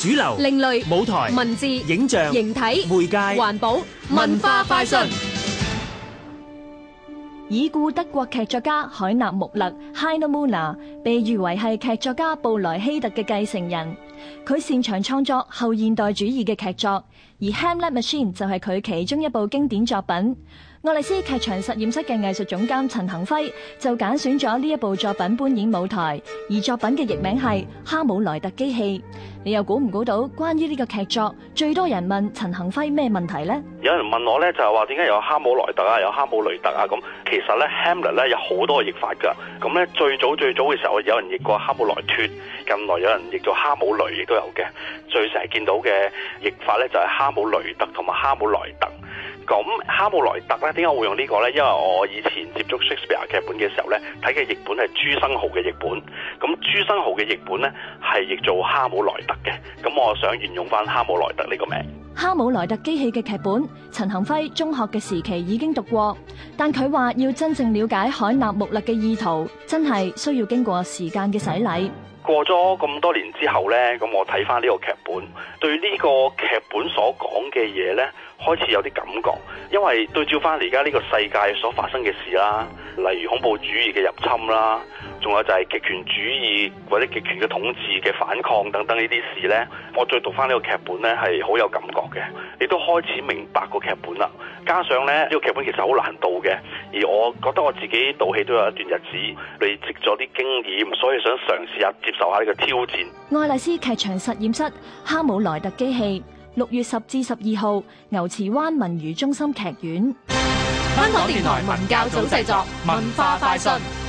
主流、另類舞台、文字、影像、形體、媒介、環保、文化快訊。已故德國劇作家海納穆勒 （Heiner Müller）。被譽為係劇作家布萊希特嘅繼承人，佢擅長創作後現代主義嘅劇作，而《Hamlet Machine》就係佢其中一部經典作品。愛麗絲劇場實驗室嘅藝術總監陳恒輝就揀選咗呢一部作品搬演舞台，而作品嘅譯名係《哈姆萊特機器》。你又估唔估到關於呢個劇作最多人問陳恒輝咩問題呢？有人問我呢，就係話點解有哈姆萊特啊，有哈姆雷特啊咁？其實呢，Hamlet 呢《Hamlet》咧有好多譯法噶，咁呢最早最早嘅時候。有人譯過哈姆萊特，近來有人譯做哈姆雷，亦都有嘅。最常見到嘅譯法咧，就係哈姆雷特同埋哈姆萊特。咁哈姆萊特咧，點解會用呢個呢？因為我以前接觸 Shakespeare 劇本嘅時候咧，睇嘅譯本係朱生豪嘅譯本。咁朱生豪嘅譯本咧，係譯做哈姆萊特嘅。咁我想沿用翻，哈姆萊特呢個名字。哈姆萊特機器嘅劇本，陳恆輝中學嘅時期已經讀過，但佢話要真正了解海納穆勒嘅意圖，真係需要經過時間嘅洗禮。嗯過咗咁多年之後呢，咁我睇翻呢個劇本，對呢個劇本所講嘅嘢呢，開始有啲感覺，因為對照翻你而家呢個世界所發生嘅事啦，例如恐怖主義嘅入侵啦，仲有就係極權主義或者極權嘅統治嘅反抗等等呢啲事呢，我再讀翻呢個劇本呢，係好有感覺嘅，亦都開始明白個劇本啦。加上咧，呢、呢個劇本其實好難導嘅，而我覺得我自己導戲都有一段日子累積咗啲經驗，所以想嘗試下接受下呢個挑戰。愛麗絲劇場實驗室《哈姆萊特》機器，六月十至十二號，牛池灣文娛中心劇院。香港電台文教組製作，文化快訊。